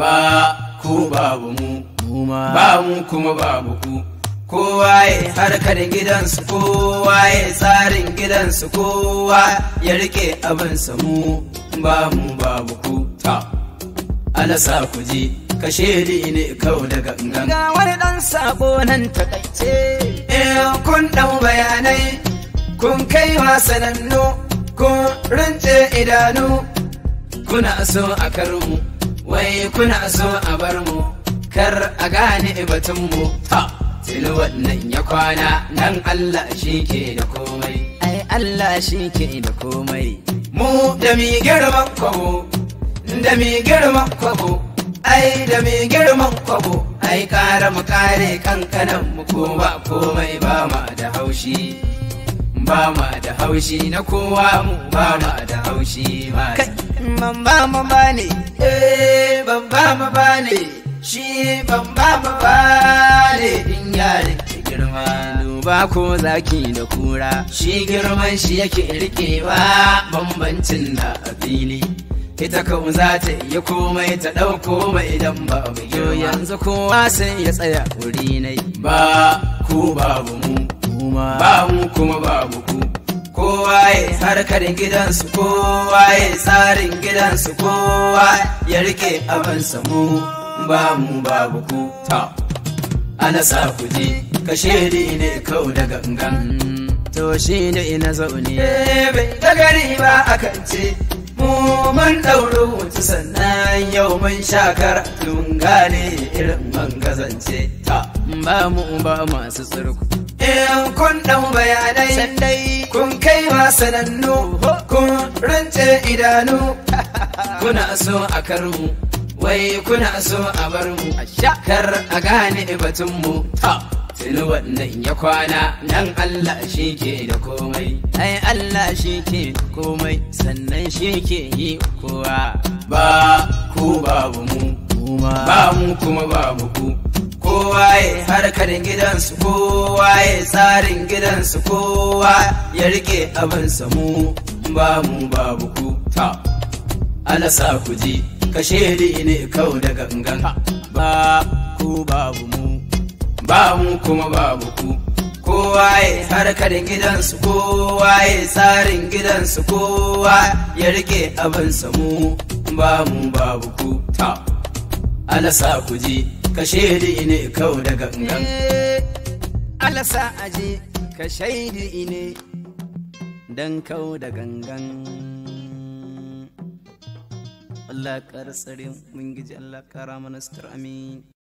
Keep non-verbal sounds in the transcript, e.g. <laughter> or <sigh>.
ba ku babu mu ba mu kuma babu ku kowa ya harkar gidansu kowa ya tsarin gidansu kowa ya rike abin samu ba mu babu ku ta alasa ku ji kashe ni ne kau daga ga wani dan sako nan ta takaice eh kun dau bayanai kun kai sanannu? kun rince idanu kuna so a karmu wai kuna so a bar mu kar a gane batun mu tuni wannan ya kwana nan Allah shi ke da komai ai Allah shi ke da komai mu da mi girman kwabo da mi girman kwabo ai da mi girman kwabo ai kare mu kare kankanan mu ko ba komai ba ma da haushi ba ma da haushi na kowa mu ba ma da haushi ma kai man ba man ba ne eh ne shi ban ba ba laifin yare girma duba ko zaki da kura shi girman shi yake rikewa bambancin da a fili ita kau za ta iya komai ta ɗauko mai idan ba yau yanzu kowa sai ya tsaya wuri nai ba ku babu mu ba mu kuma babu ku kowaye harkar gidansu kowaye tsarin gidansu kowa ya rike abansa mu ba mu babu ku ta ana sa ku je kashe ne kau da gangan to shi ne ina zaune eh, bai da gari ba akan ce mu man ɗauro wuce sannan yau mun sha karatun gane irin man gazance ta ba mu ba masu tsirku kun ɗan bayanai sandai kun kai sanannu kun rance idanu <laughs> kuna so a karmu wai kuna so a bar mu kar a gane batun mu tuni wannan ya kwana nan Allah shi ke da komai ai Allah shi ke komai sannan shi ke yi kowa ba ku babu mu ba mu kuma babu ku kowaye harkar gidansu kowaye tsarin gidansu kowa ya rike abin samu ba mu babu ku ta alasa ku ji kashe ne kau da gangan ba ku babu mu ba mu kuma babu ku kowaye harkar gidansu kowaye tsarin gidansu kowa ya rike abin samu ba mu babu ku ta alasa ku ji ka shaidi ne kau da gangan eh, alasa aje ka shaidi ne dan kau da gangan Allah ƙara tsare mun giji Allah mana amin